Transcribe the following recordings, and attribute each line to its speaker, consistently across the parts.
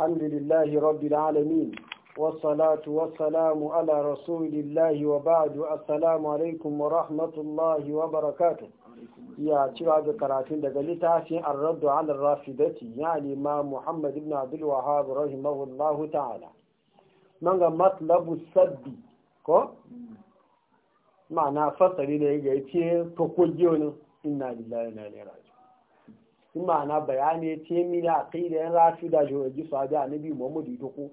Speaker 1: الحمد لله رب العالمين والصلاة والسلام على رسول الله وبعد السلام عليكم ورحمة الله وبركاته يا تبع ذكراتين دقلتها في الرد على الرافدة يعني ما محمد بن عبد الوهاب رحمه الله تعالى من مطلب السد ko ma'ana fasari da ya ce to ko giyo ne inna lillahi wa inna ilaihi raji'un sun ma'ana bayani ce mini a kai da yan rafi da jihohi sabi a nabi muhammadu idoko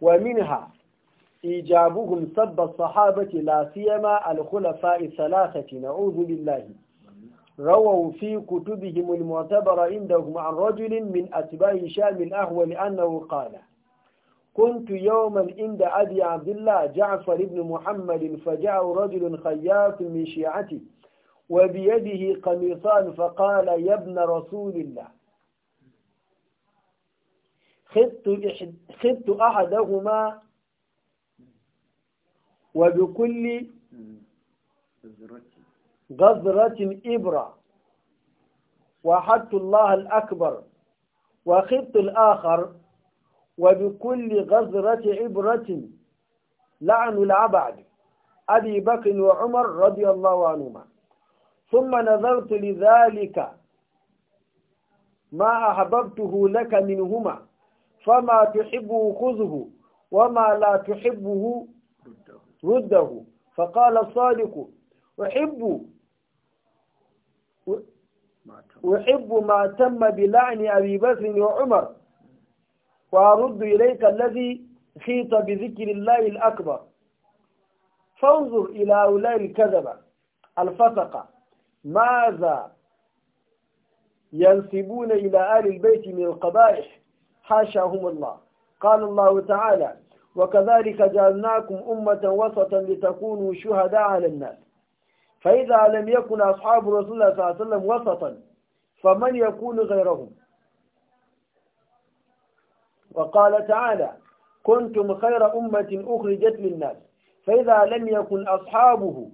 Speaker 1: wa minha ijabuhum sabba sahabati la siyama al-khulafa thalathati na'udhu billahi رووا في كتبهم المعتبرة عندهم عن رجل من أتباع شام الأهول أنه قال كنت يوما عند أبي عبد الله جعفر بن محمد فجاء رجل خياط من شيعته وبيده قميصان فقال يا ابن رسول الله خدت أحدهما وبكل غزرة إبرة وحدت الله الأكبر وخدت الآخر وبكل غزرة عبرة لعن العبد أبي بكر وعمر رضي الله عنهما ثم نظرت لذلك ما أحببته لك منهما فما تحبه خذه وما لا تحبه رده فقال الصادق أحب أحب ما تم بلعن أبي بكر وعمر وأرد إليك الذي خيط بذكر الله الأكبر فانظر إلى هؤلاء الكذبة الفسقة ماذا ينسبون إلى آل البيت من القبائح حاشاهم الله قال الله تعالى وكذلك جعلناكم أمة وسطا لتكونوا شهداء على الناس فإذا لم يكن أصحاب رسول الله صلى الله عليه وسلم وسطا فمن يكون غيرهم وقال تعالى كنتم خير أمة أخرجت للناس فإذا لم يكن أصحابه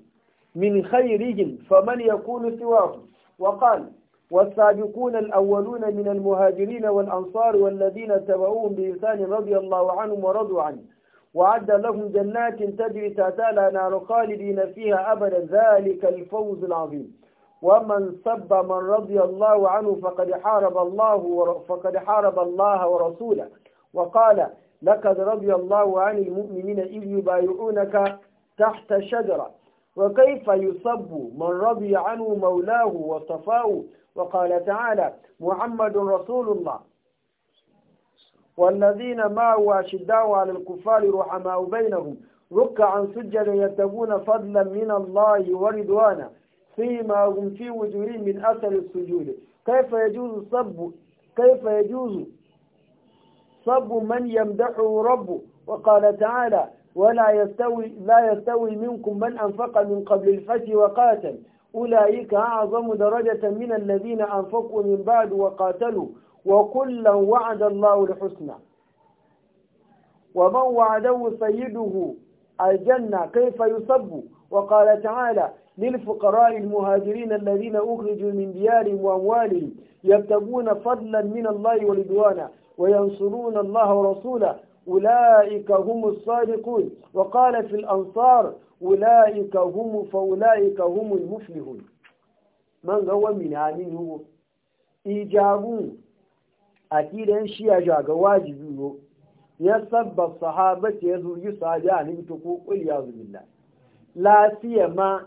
Speaker 1: من خيرهم فمن يكون سواهم وقال والسابقون الأولون من المهاجرين والأنصار والذين تبعوهم بإنسان رضي الله عنهم ورضوا عنه وعد لهم جنات تجري تحتها الأنهار خالدين فيها أبدا ذلك الفوز العظيم ومن سب من رضي الله عنه فقد حارب الله فقد حارب الله ورسوله وقال لقد رضي الله عن المؤمنين إذ يبايعونك تحت شجرة وكيف يصب من رضي عنه مولاه وصفاه وقال تعالى محمد رسول الله والذين هو أشداء على الكفار رحماء بينهم ركعا سجدا يتبون فضلا من الله ورضوانا فيما هم في وجوه من أثر السجود كيف يجوز صب كيف يجوز صب من يمدحه ربه وقال تعالى ولا يستوي لا يستوي منكم من أنفق من قبل الفتح وقاتل أولئك أعظم درجة من الذين أنفقوا من بعد وقاتلوا وكلا وعد الله الحسنى ومن وعده سيده الجنة كيف يصب وقال تعالى للفقراء المهاجرين الذين أخرجوا من ديارهم وأموالهم يبتغون فضلا من الله ورضوانا وينصرون الله ورسوله أولئك هم الصادقون وقال في الأنصار أولئك هم فأولئك هم المفلحون من هو من عامل هو إيجابون أكيد أن شيء جاء واجبه يسب الصحابة يزوج يسعد عن انتقو قل يعوذ بالله لا سيما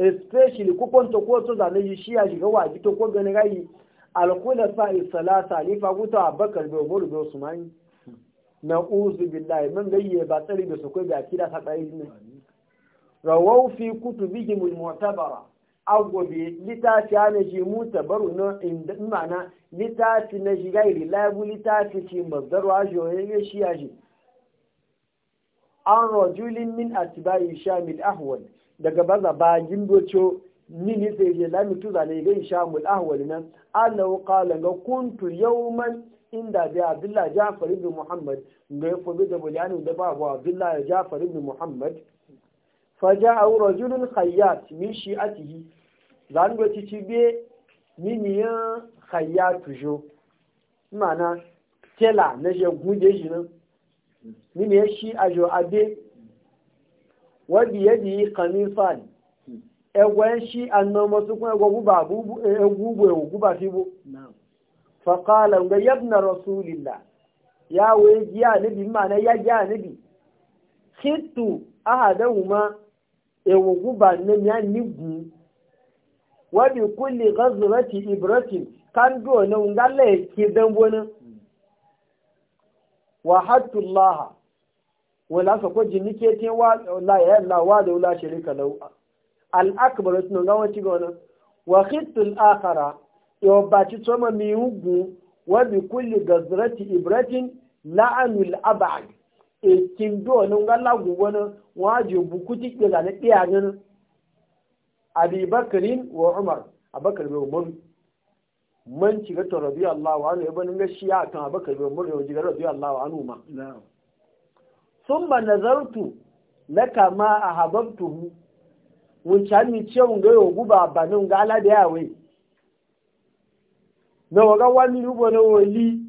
Speaker 1: especially ko kwanta ko to da ne shi ya shiga wajibi to ko gani gai alkhulafa salasa ni fa guta abakar be gori be usmani na uzu billahi man gayye ba tsari da su kai da kida ta tsari ne rawau fi kutubihim almu'tabara agwabe litafi ana ji mutabaru na inda mana litafi na shi gai reliable litafi ce mazdar waje wani ya shi ya ji an rajulin min atibayi shamil ahwal daga baza bagin min ne sai je lamitu zane ga shamil ahwal nan allahu qala ga kuntu yawman inda bi abdullah jafar ibn muhammad ga ko fobi da bulani da ba abu abdullah jafar ibn muhammad faja a rajulun khayyat min shi'atihi zan ga ci ci be miniyan khayyatu jo mana tela na je gude shi nan miniyan shi a jo abe wadi yadi qamisan egwen shi annoma su kun egwo guba gubu egwo egwo guba fibo na'am faƙala ga yabna rasulillah ya waye jiya nabi ma'ana ya jiya nabi hittu ahadahuma ewu guba nan ya nigu wa bi kulli ghazrati ibratin kan do na ngalla ke dan bona wa hattu allah wala ka ko jinni ke te wa la ya la wa da la sharika lahu al akbar sunan ga wati gona wa khittu al akhara yau ba ci tsoma mi ugu wa bi kulli gazrati ibratin al abad e kin do nan ga lagu wani waje kuti ke zane ɗaya nan abi bakarin wa umar abakar bai umar man ci gato rabi Allahu. wa anu ibn ga shi akan abakar bai umar ya ji rabi Allah wa anu ma summa nazartu laka ma ahabbtuhu mun chami ce mun ga yo guba banin ga ala da yawe na waga wani rubo na wali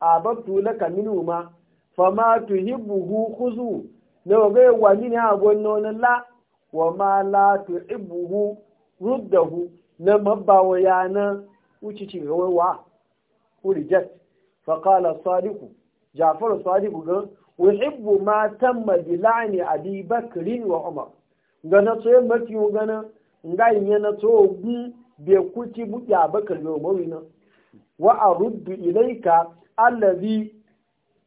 Speaker 1: a babtu na kaminu ma fama tu buhu kuzu na waga wani ne abun nona la wa ma la tu hibbuhu ruddahu na mabawa yana wuce ci wa ku reject fa qala sadiku jafar sadiku ga uhibbu ma tamma bi la'ni abi bakr wa umar ga na so mafi gana ga yi na tsohon bai kuci buɗe bakar bai umaru nan wa a ruddu ilaika allazi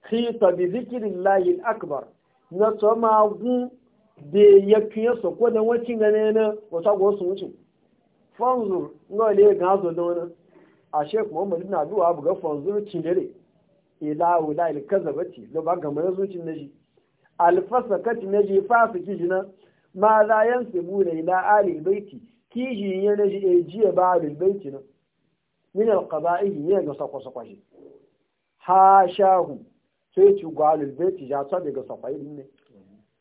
Speaker 1: khita bi zikirin layin akbar na tsoma gu da ya fiye su ko da wacin gane na wata gwa su wuce fanzur nawa ne ga zo da wani a shek muhammadu na zuwa buga fanzur cinere ila wula ilkazabati da ba gama na zuci na shi alfasa kati na jefa su kiji na ma za yan ila Ali, baiti kiji ya na shi jiya ba da baiti nan min alqaba'i ya ga sako sako shi ha shahu sai ci ga baiti ya ta daga safai ne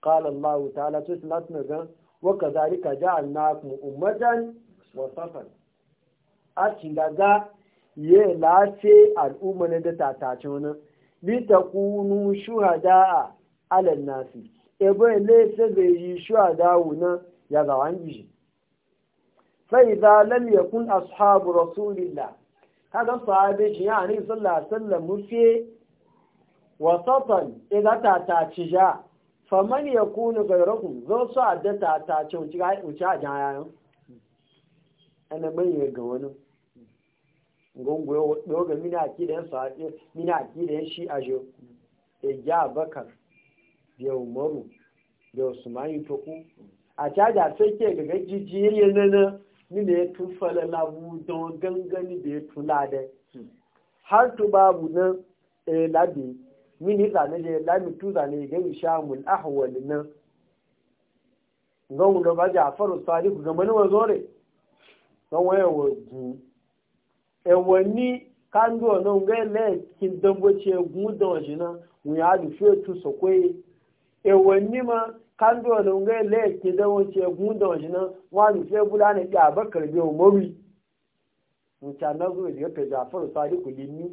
Speaker 1: qala allah ta'ala to sai na ga wa kadhalika ja'alnakum ummatan wa safan a cin daga ye lafe al'umma ne da tatace wannan bi takunu shuhada ala nasi ebe ne sai bai yi shuhada wuna ya zawan gishi sai za lam yakun ashabu rasulillah kaga sahabe shi ya ne sallallahu alaihi wasallam mufe wasatan idza ta ta cija faman yakunu ghayrukum zo su adda ta ta ce uci ga uci a jayan ana bayyana ga wani gungun yoga mina aki da yan sahabe mina aki da yan shi ajo e ja bakar da umaru ya usman yi toku a caja sai ke ga gajijiyar yana mine ya tun falala mu don gangani da ya tun lade hmm. har tu babu nan eh labi mini zane je lami tu zane ga ishamul ahwal nan ngon da ba jafaru salihu ga mani wazore don waye wazu e wani kandu ona ngai le kin dambo che gudan jina mu ya du so sokwe e wani ma kan da unga le ke da wuce gun da wani nan wani sai bula ne ga bakar bi umari mutan na zuwa da ta Jafar Sadiq Limi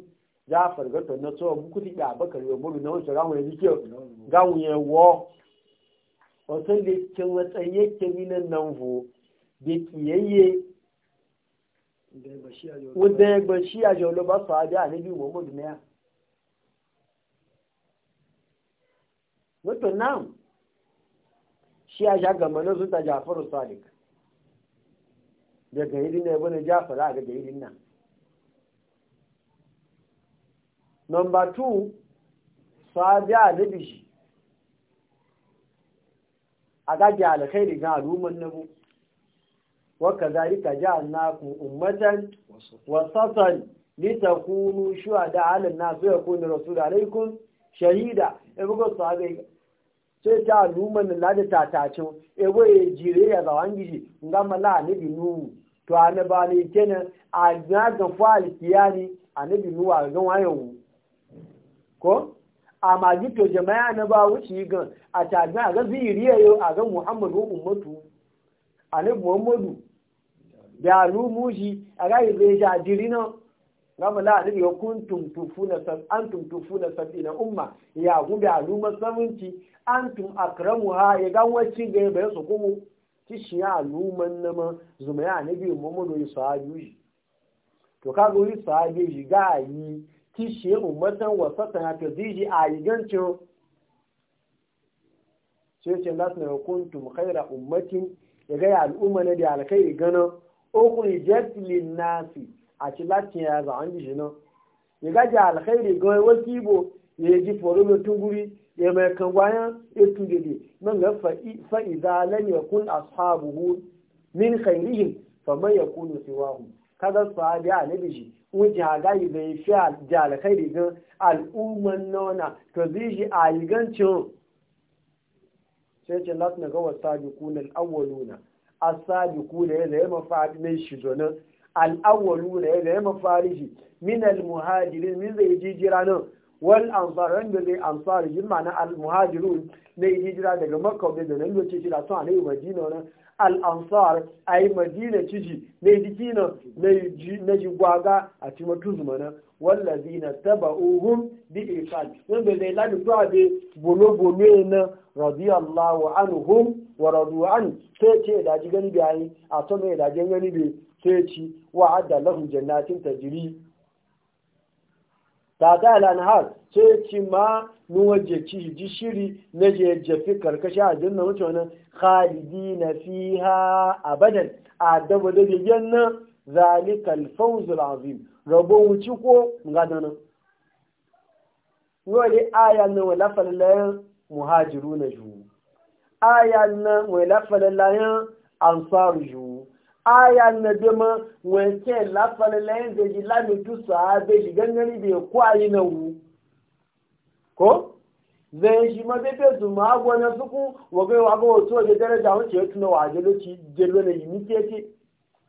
Speaker 1: Jafar ga to na so buku ti ga bakar bi umari na wuce wani ne ga gawo ye wo wato da kin watsan yake minan nan vo da kiyayye wanda ya shi a jaulo ba su hajji a nabi muhammadu na wato nan shi ya sha gama na sun ta jafaru Salik daga hirin ya bane jafaru a ga hirin nan nomba two sabi a nabi shi a gaji alkhairi ga al'umman nabu waka zalika ja'alnakum ummatan wasatan litakunu da 'ala nasu ya kuni rasu da alaikun shahida e bugo sahabe sai ta al'ummar da tatacin ewe eh, jire ya zawan gishi nga mala anabi nuhu to ba ne kenan a gagan fa'al kiyani anabi nuhu a ga wayan ko a magi jama'a na ba wuce gan a tagan a ga ziriya yau a gan muhammadu ummatu anabi muhammadu da al'ummushi a ga ibe shi a jiri gama la ni na kuntum an tumtufu na tufuna sabina umma ya gube luma samunci akramu ha ya gan wacce ga bai su kuma shi ya na ma zuma ya nabi muhammadu yi sahabi to ka ga yi sahabi ga yi shi ya ummatan wasatan ya ta ziji a yi gancin sai ce lati na kuntum khaira ummatin ya ga ya al'umma na da alkai gana ukhrijat lin nasi a ci latin ya za an ji nan ya gaji alkhairi ga wasu ibo ya ji foro mai tunguri ya mai kangwaya ya tungede nan ga fa'iza lam yakun ashabuhu min khairihim faman yakunu siwahu kaga sahabi a nabi shi wuce hagayi bai fi ji alkhairi ga al'umman nona to zai shi a yigancin sai ce latin ga wasu sabi kunan awwaluna asabi kuna ya zai mafi mai shi zonan al'awwalu na ya zama farishi min al-muhajirin min zai ji jira nan wal ansar wanda zai ansar yin na al-muhajirun na yi jira daga makka da nan lokaci shi da sun anayi madina wannan al'ansar a yi madina ciji na yi jiki na ji gwaga a ci matuzu mana wallazi na taba uhun bi isan wanda zai lafi zuwa da bolo-bolo na radiyallahu anhum wa radu'an sai ce da ji gani biyayi a sama da ji gani biyayi teci wa adda lahum jannatin tajri ta da lanhar har? ma nuwaje ci ji shiri na je jafi karkashi a jinna wuce wani khalidi na fiha abadan a daba da biyan nan zalikal fawzul azim rabo wuci ko ngadanan wani aya nan wala muhajiru na ju aya nan wala falalayan ansaru ju aya na dema wake lafala layin da ji lami tu sahabe shi gangani bai kwayi na wu ko zai shi ma zai fesu su agwa suku wa kai ga wato da daraja wace ya tuna wa ajalo ci jelo na yi ce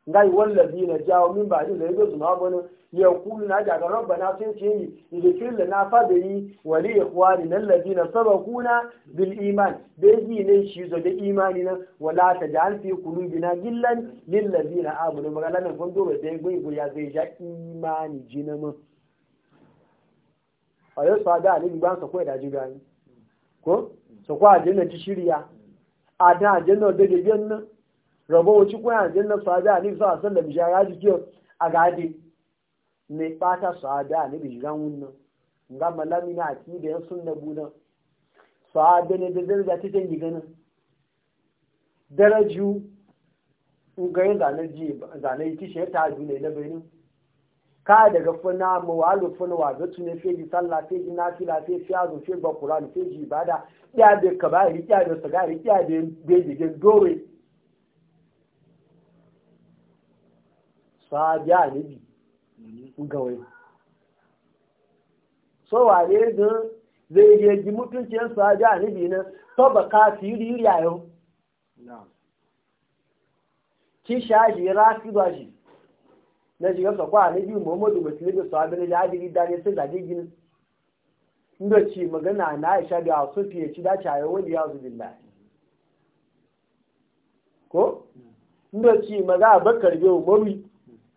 Speaker 1: ngai wala zina jawo min ba zai zo zuma bana ya kulu na rabba na sai ce ni da idikir lana fadri wa nan ikhwani allazina kuna bil iman dai ne shi zo da imani na wala ta Da alfi kulun bina gillan lil ladina amanu magana nan gondo ba sai gui guri ya zai ja imani jinama ayo sada ne ban sa koyi da ji gani ko so ko ajin ci shirya a da ajin da da biyan nan rabo wuce kuma yanzun na sahabi a nufi sa'asar da bishiya ya ji kiyo a gadi mai ɓata sahabi a nufi shigan wunan ga malami a aki da ya sun nabu nan sahabi ne da da ta can ganin? daraju ugayen zanen yi kishiyar ta ne na bayanin? ka daga funa mawalu funa wa zatu ne feji sallah feji nafila feji yazo feji ba qur'ani feji ibada ba da kabari ya da sagari ya da bejigin dore sahabi anabi gawai so ware gan zai je ji mutuncin sahabi anabi na tabaka fi yuri yuri ayo ki shaji rafi ba shi na shiga sakwa anabi muhammadu musulmi sahabi na jadiri dare sai zaje gini inda ce magana na aisha da su fiye ci dace a yau yawon ya zubin ko inda ce maza a bakar yau marwi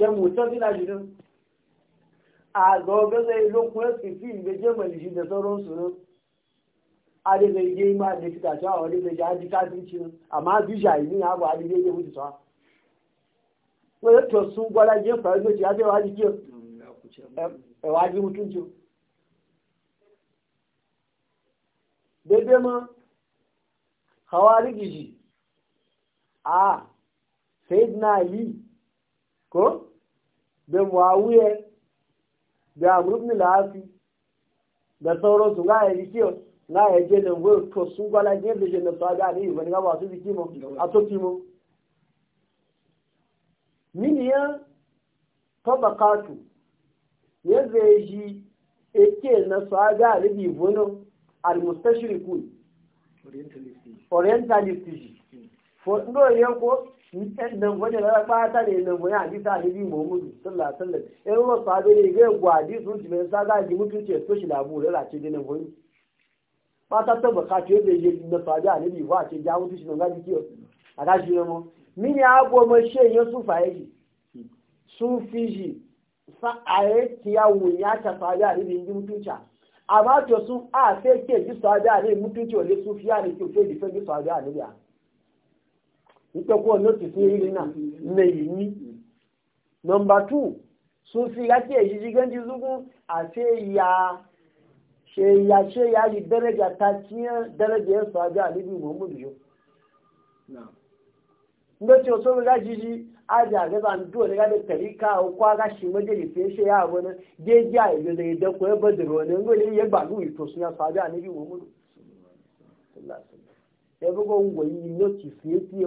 Speaker 1: ke mutazila jirin a zoga zai lokacin sifin da jemali shi da sauran sunan adi zai je ma da fita cewa wani zai ji haji kafinci amma bi shayi ne abu adi zai je mutu sawa wani to sun gwada je faru da ci ya zai waji kiyo waji mutunci daidai ma hawari gishi a sai na yi ko da muawiya da amurin lafi da sauransu ga ya rikiyo ga ya je da wuri to sun gwala ne da jin da su ga ne wani gaba su jiki mu a toki mu miniyan tabakatu ya zai ji ake na su ga ribi bunin almustashirikun orientalist ji ko ndo yanko nan wajen da fata ne nan wani hadisa ne bi muhammadu sallallahu alaihi wasallam wasu sahabe ne ga gwadi sun ji mai saga ji mutunce so shi labu da race da nan wani fata ta baka ce da yi na sahabe a nabi ba ce ja mutunci nan gaji kiyo a gashi na mu min ya goma she ya sufa yake sufi ji sa'aye kiyawu ya ta sahabe a nabi ji mutunci amma to su a sai ke ji sahabe a nabi mutunci wale sufiya ne ke sai ji nítorí notice ní ìrìn náà ní èyí ní. nọmba two láti èyí jíjẹ́ ní zúgún àti ìyá ṣe ìyá ṣe ìyá dẹ́rẹ́jà ta kí ẹ́ dẹ́rẹ́jà ẹ̀ ajá àlébí muhammadu yó. ndoci a gaza ndo ne ga da tarika o kwa ga shi maje ne sai shi ya wani geji a yanzu da yadda ya badar wani ngo ne ya gbalu yi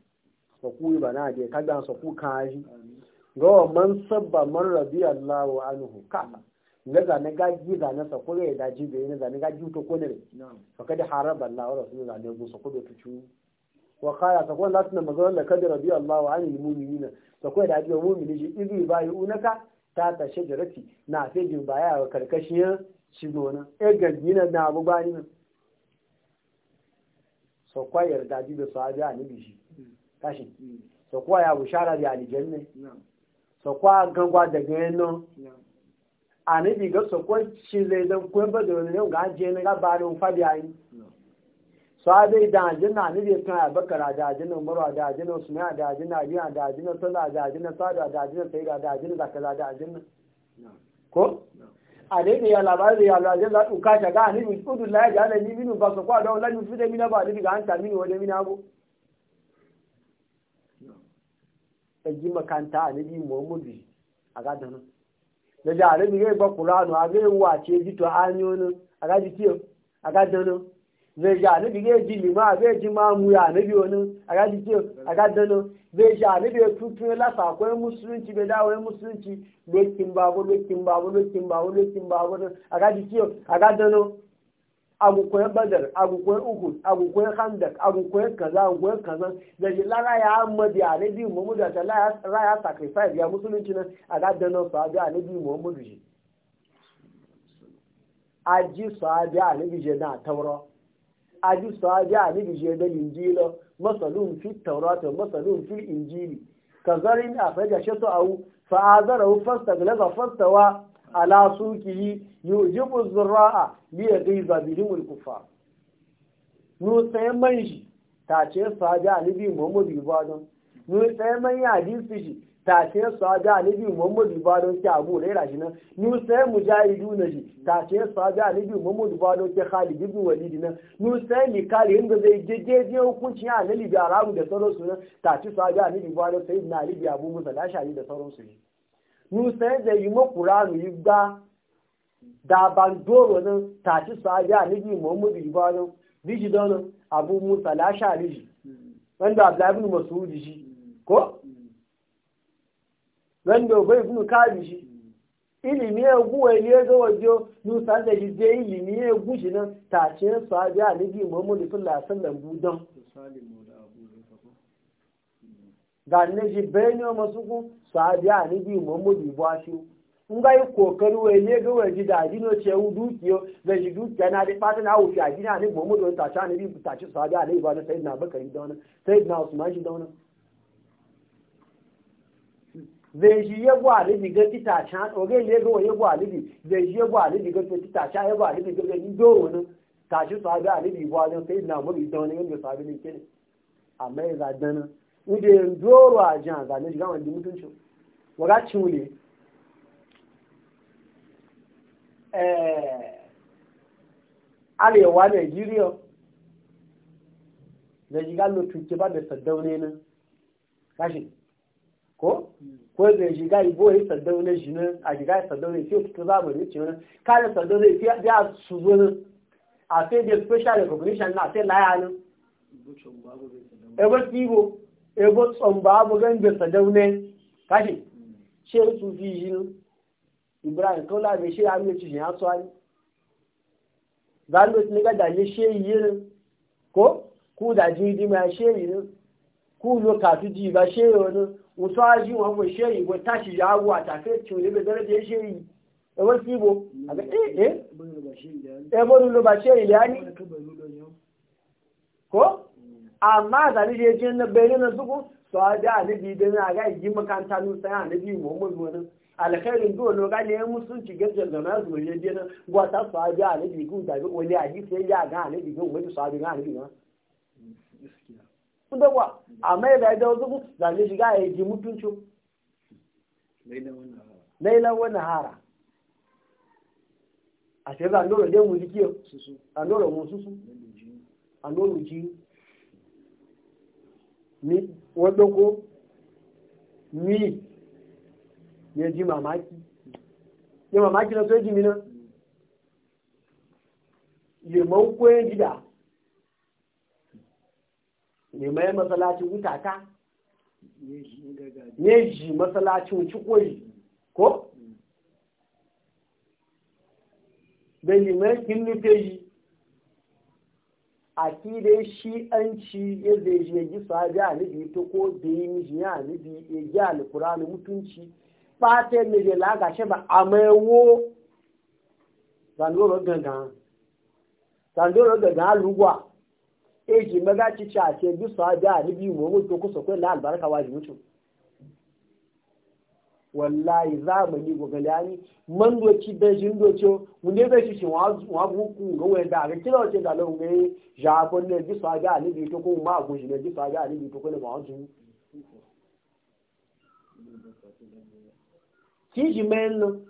Speaker 1: sakuyi ba na je kada saku kaji gawa man sabba man radiyallahu anhu ka na zane gaji zane sa ko da daji bai na zane ji to ko ne fa kada haraba Allah wa rasul zane go sa ko bai tucu wa qala ta kun latna mazal da kada rabi Allah wa anil mu'minina sa ko da ji mu'mini ji izi bayi unaka ta ta shajarati na sai jin baya wa karkashin shi gona e gajina na abu bani so kwa yarda ji da sahabi annabi shi kashi so kuwa ya bushara da ne so kuwa gangwa daga yana a nabi ga so kuwa shi zai don kuwa ba da wani yau ga ajiye na ga da wufa da yayi so a zai da ajina nabi kan ya bakara da ajina umaru da ajina usman da ajina aliyu da ajina sallah da ajina sada da ajina sayyida da ajina zakala da ajina ko a daidai ya da ya labarai za su a ga hannun udullahi ya lalini minu ba su kwa don lalini fi da mina ba da ga an tamini wajen mina abu ɗaji makanta a nabi muhammadu a gadana da da arabi zai ba kuranu a zai wace ji to aniyonin a gaji a gadana zai ja zai ji lima a zai ji mamu ya nabi wani a gaji a gadana zai ja ya tutu ya e lasa akwai musulunci bai dawo musulunci lokin babu lokin babu lokin babu lokin babu a gaji a agukwai badar agukwai uhud agukwai handak agukwai kaza agukwai kaza da shi lara ya amadi a anabi muhammadu ta lara ya sacrifice ya musulunci nan a gaddan nan sahabi anabi muhammadu shi aji sahabi anabi shi na tauro aji sahabi anabi shi na injilo masalun fi taurata masalun fi injili kazarin a fajar shi a wu fa'azara fasta glaza fasta wa ala sukihi yujibu zurra'a li yaghidha bihim al kufa. nu sai man shi ta ce sahabi alibi muhammad ibadon nu sai man ya hadisi shi ta ce sahabi alibi muhammad Ibadan ki abu raira shi nan nu sai mujahidu na shi ta ce sahabi alibi muhammad ibadon ki khalid ibn walid nan nu sai mikali inda zai jejjeje hukunci ya alibi arabu da sauransu nan ta ce sahabi alibi ibadon sayyidina alibi abu musa da shari da sauransu ne nusan da yi makuranu yi ba da ban doro nan tafi sahabi a nigi muhammadu ibadan biji don abu musa lasha riji wanda abdullahi masu shi ko wanda obai ibn kabi shi ilimi egwu wele ga wajo nusan da yi je ilimi egwu shi nan tafi sahabi a nigi muhammadu sallallahu alaihi wasallam budan ga ne shi masu ku bi muhammadu ibu ashu in ga yi kokari ne ga ga na dai fatan a wuce adini a ni muhammadu wani tashi a ni bi tashi sahabi a sayyidina bakari da sayyidina usman shi da ya gwa ga ga gwa ya gwa ga ya gwa ga do a bi sayyidina da wuje ndoro a zane shiga wani mutunci waga cinule eh, arewa nigeria da shiga lotunke ba da saddaune nan kashi ko ko da shiga yi saddaune shi nan a shiga saddaune fiye fito zamani ce nan kada saddaune fiye da su zo nan a sai da special recognition na sai laya nan ebe ebo tsomba babu da sadaune kashi ṣe su fi yi ibrahim tó láàrin ṣe àmì òtù ṣe àtọ́ àní zanwet ní gàdà ní ṣe yìí rí kó kú dájú ìdí máa ṣe yìí rí kú ló kàtú di ìbá ṣe yìí rí wùtọ́ ajú wọn fò ṣe yìí wọ táṣì yà wọ àtàfẹ́ tí olè bẹ̀rẹ̀ tẹ́ ṣe yìí ẹwọ́n sí ibo ẹbọ́n ló bá ṣe yìí rí á ní amma zane da yake na bayan na suku su a ji alibi don a ga yi makanta nusa ya alibi muhammadu wani alkhairin duwa no da na zuwa na gwata su a ji alibi kun tafi wani a ji sai ya ga alibi kun wani su a ga kunda kuwa amma ya zai da wasu zane shiga ya ji mutunci lailan wani hara a shekaru dai mu mu susu ni wadoko ni ya ji mamaki ya mamaki na soji mina liman koyon gida liman ya matsalacin wutata ne ji matsalacin wuci koyi ko? da liman kin nufe yi akide shi an ci ya zai ya ji sahabi anibi to ko da yi miji ya anibi ya ji alkurani mutunci ɓata ne ya lagashe ba a maiwo zandoro gangan zandoro gangan lugwa eji magaci ce a ce bi sahabi anibi mu mutu kusa kwai na albarka wajibi wallahi zamani gogaliani man doci da jin doco mun dai shi wa buku ga wai da ga kira wace da lawo ya ko ne ji saga ni bi to ko ma ko shi ne ji saga ni bi to ko ne ma wanzu ki ji men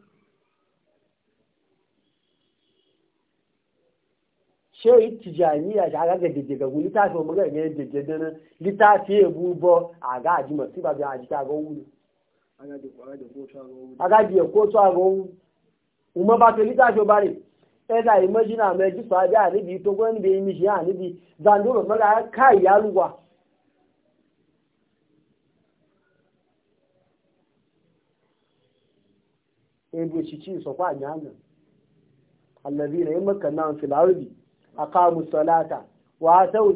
Speaker 1: ṣé tìjàní àgágẹ̀dẹ̀dẹ̀ gùn lítàfí ọmọ gẹ̀gẹ̀ dẹ̀dẹ̀ dáná lítàfí èbú bọ́ àgá àjímọ̀ síbàbí àjíkà gọ́wúlò agaji ẹ̀kọ́ tó àrùn ohun ọmọ bá tó lítà ṣọba rẹ̀ ẹ̀dà ìmọ́jìnà mẹ́jì sọ ajá níbi tó gbọ́n níbi imi ṣe hàn níbi dandoro mọ́ra ká ìyálùwà ebi òṣìṣì ìsọ̀pá àjáàmù alẹ́bí rẹ̀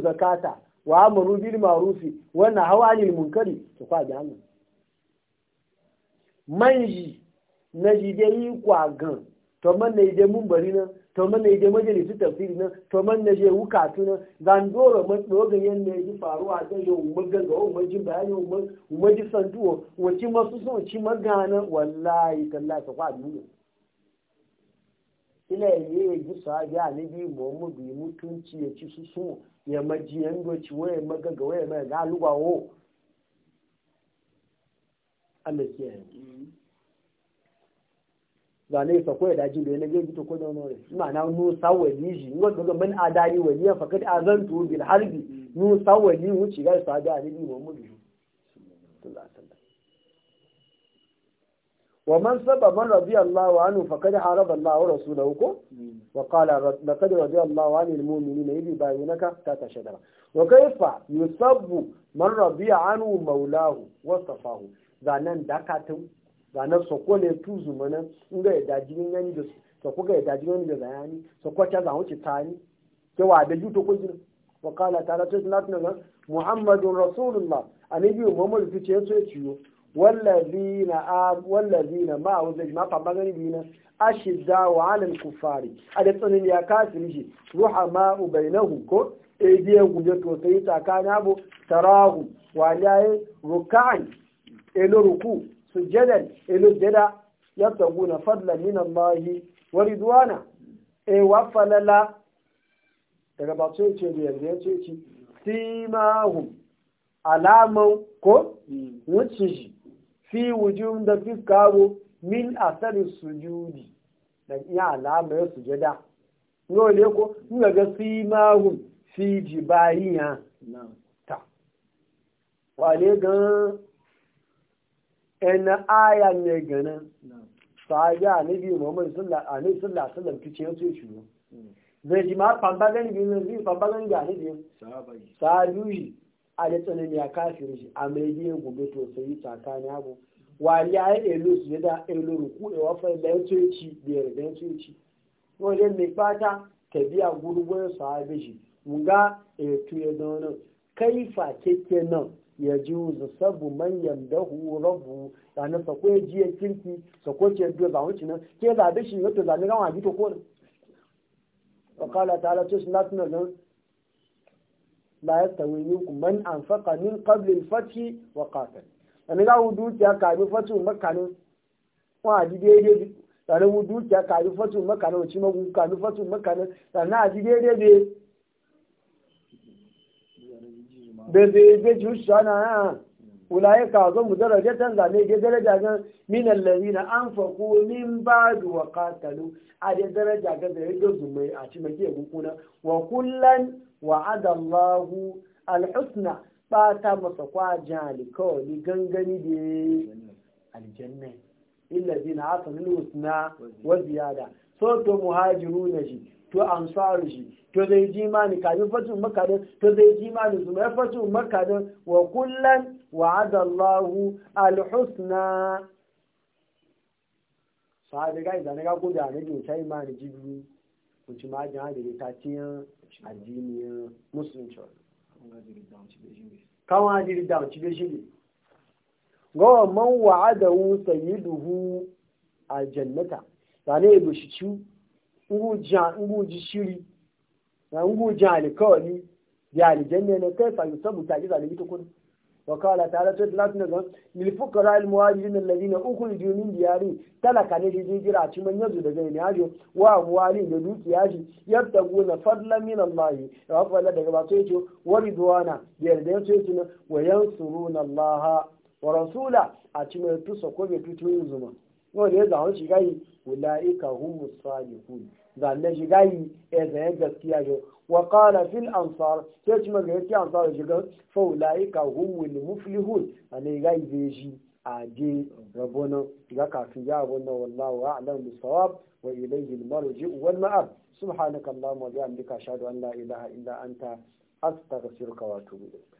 Speaker 1: zakata hawa ní mùnkari manji na jide yi kwa gan to man na ide mun bari nan to man na ide su tafsiri nan to man na je wuka nan zan dora man dogon yan ne yi faruwa zai yau magan ga umma jin bayani umma ji sanduwa wace masu sun ci magana wallahi tallahi ta kwa duniya ila yi ya ji sahabi a nabi bi mutunci ya ci su sun ya majiyan doci waya magaga waya mai galuwa wo Allah ke yi zane fa koya daji da yana gaji to ko da wani ma'ana nusa wali shi ngo daga man adari wali ya fakat azantu bil harbi nusa mm. wali wuce ga sahabi annabi Muhammad sallallahu alaihi wasallam wa man sababa radiyallahu anhu faqad haraba Allah wa rasulahu ko mm. wa qala laqad radiyallahu anil mu'minina na bayyinaka ta tashadara wa kayfa yusabbu man rabi Anu maulahu wa safahu zanen dakatun zanen soko ne tuzu mana inda ya daji yin yani da soko kuka ya daji yani da zayani soko ta zan wuce tani cewa da juto ko jirin wa ta da suna latin nan muhammadun rasulullah annabi biyu su ce so ciyo wallazina a wallazina ma wa zai ma fa magani bina ashidda wa alal kufari a da tsanin ya kafiri shi ruhama bainahum ko ejiye guje to sai tsakanin abu tarahu wa yi rukani? elo ruku sujjadan elo jada yabtaguna fadlan min Allah wa ridwana e falala daga ba sai ce da yanzu ya ce ci simahum alaman ko wuce shi fi wujun da fiskaro min asari sujudi da iya alama ya sujada yau ne ko in ga simahum fi jibayiya ta Wane gan ina aya ne ganin sahabi annabi muhammad sallallahu alaihi wasallam kice yace shi ne zai ji ma famba gani bi ne zai famba gani ga ne sahabi sahabi a da tsanin ya kafir shi a mai biye gobe to sai tsakani abu wali ya elo su da ci ci wajen mai fata ta biya gurgun sahabi shi mun ya e tuye nan ya juzu sabu manyan dahu rabu ranar sako ya jiya kirki sako ce biyu ba wuce nan ke zaɓe shi yato zaɓe gama gito ko nan wakala ta halatta shi da nan ba ya tawi yi ku man an faka min qablil fati wa qatal an ga wu dukiya ka bi wa makanin wa ji daidai da ran wu dukiya ka bi wa makanin wa ci magu ka bi wa makanin sannan a ji daidai da zai bai ci wuce ana yana ulaye ka zo mu daraja tan zane ke daraja ga min allazina anfaqu min ba'd wa qatalu a da daraja ga zai ga zumai a ci make gukuna wa kullan wa'ada Allahu al-husna ba ta masa kwaja likawali gangani da aljanna illazina asanu al-husna wa ziyada so muhajiru na shi to ansaru shi to zai ji mani kafin fatin makka don to zai ji mani su mai fatin makka wa kullan wa adallahu alhusna da ga idan ga gudu a nabi sai mani jibi ci ma ji hadiri ta tiyan addiniyar musulunci kan hadiri da ci beji shi gawa man wa'adahu sayyiduhu aljannata sane ibushi ci ngu ji shiri Rangu jalika ne, jalijan ne na kai fayu saboda ji zalibi ta kuri. Wakala ta halatta da latin da milfuka ra'ayin muhajiri na lalli na uku ne jirgin diyari talaka ne jirgin jira a cikin yanzu da zai ne wa muhajiri da duki yaji yadda gona fadlan min Allah ya wafa Allah daga masu yake wa ridwana da yarda yanzu yake na wa yansuru na Allah wa rasula a cikin yadda tusa ko bai tutu yin zuma. Wanda ya zama shiga yi wula'ika hu musali zanne shiga yi ya gaskiya jo wa qala fil ansar sai ci maga yake ansar shiga fa ulaika humul muflihun ane gayi yi shi a je rabona ga kafin ya wannan wallahu a'lam bisawab wa ilayhi al-marji wal ma'ab subhanakallahumma wa bihamdika ashhadu an la ilaha illa anta astaghfiruka wa atubu ilayk